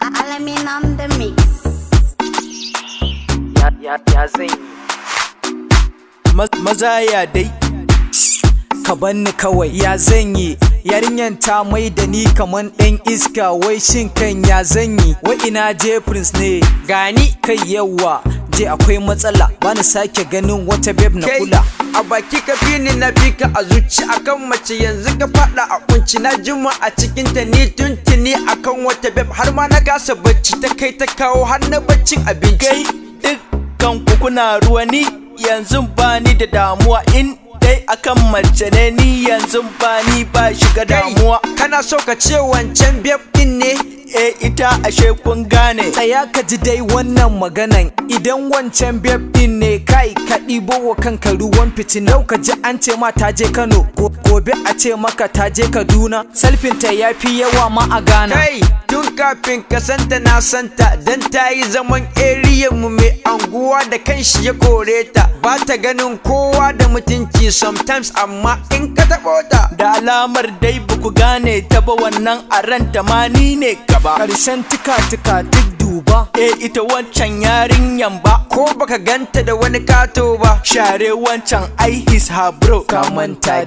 Alamin on the mix. Maza ya dai, ka banni kawai ya zanyi yarinyan ta mai da ni kaman ɗan iska wai shin kan ya zanyi wa ina je prince ne gani kai yawa je akwai matsala bani sake ganin wata beb na kula a baki ka fi na bi ka a zuci akan mace yanzu ka fada a kunci na jima a cikin ta ni tuntuni akan wata beb har ma na gasa bacci ta kai ta kawo har na baccin abinci kai dukkan ku kuna ruwa ni yanzu ba da damuwa in dai akan mace ne ni yanzu ba ni ba shiga damuwa kana so ka ce wancan beb din ne eh ita ashe kun gane tsaya ka ji dai wannan maganan idan wancan beb din ne kai ka ɗibo wa kanka ruwan fitin yau ka ji an ce ma ta je Kano gobe a ce maka ta je Kaduna ta ya fi yawa ma a gana. kai tun kafin ka santa na santa dan tayi zaman area mu mai unguwa da kanshi ya kore ta ba ta ganin kowa da mutunci sometimes amma in ka taɓo ta da alamar dai ku gane ta ba wannan a tamani ma ni ne gaba Karshen tuka tuka duk duba eh ita wancan yarinyan ba ko baka ganta da wani kato ba share wancan ai his her bro ka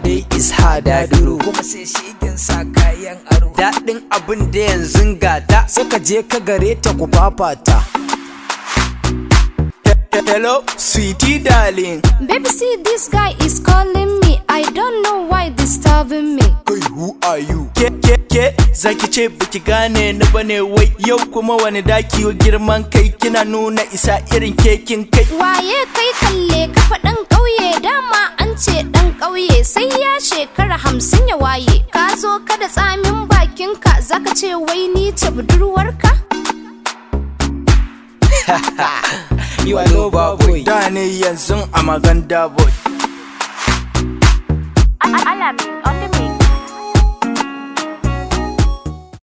dai is her kuma sai shigin sa kayan aro daɗin abin da yanzu gata sai ka je ka gare ta ku fafata Hello, sweetie darling. Baby, see this guy is calling me. I don't know why disturbing me. Hey, who are you? Ke ke ke, zaki ce baki gane na bane wai yau kuma wani daki wa girman kai kina nuna isa irin kekin kai. Waye kai kalle kafa ɗan ƙauye dama an ce ɗan ƙauye sai ya shekara hamsin ya waye. Ka zo kada tsamin bakinka zaka ce wai ni ce budurwarka? Ha ha. you boy da ne yanzu a maganda boy alamin on the